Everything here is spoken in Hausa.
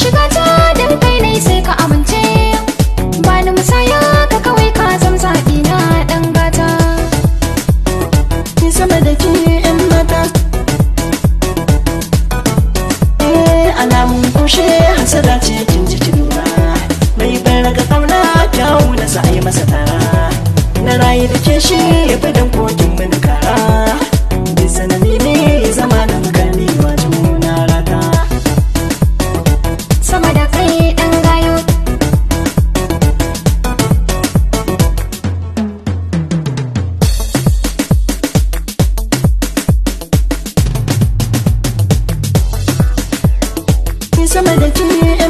shiga ta da kai ne sai ka amince ba ni musaya ka kawai ka zamsa ina dan gata ni sama da ke yan mata eh alamun kushe hasada ce kin ji cinura mai bar ga kauna kyawu na sa masa tara na rayu da ke shi ya fi da seu da ke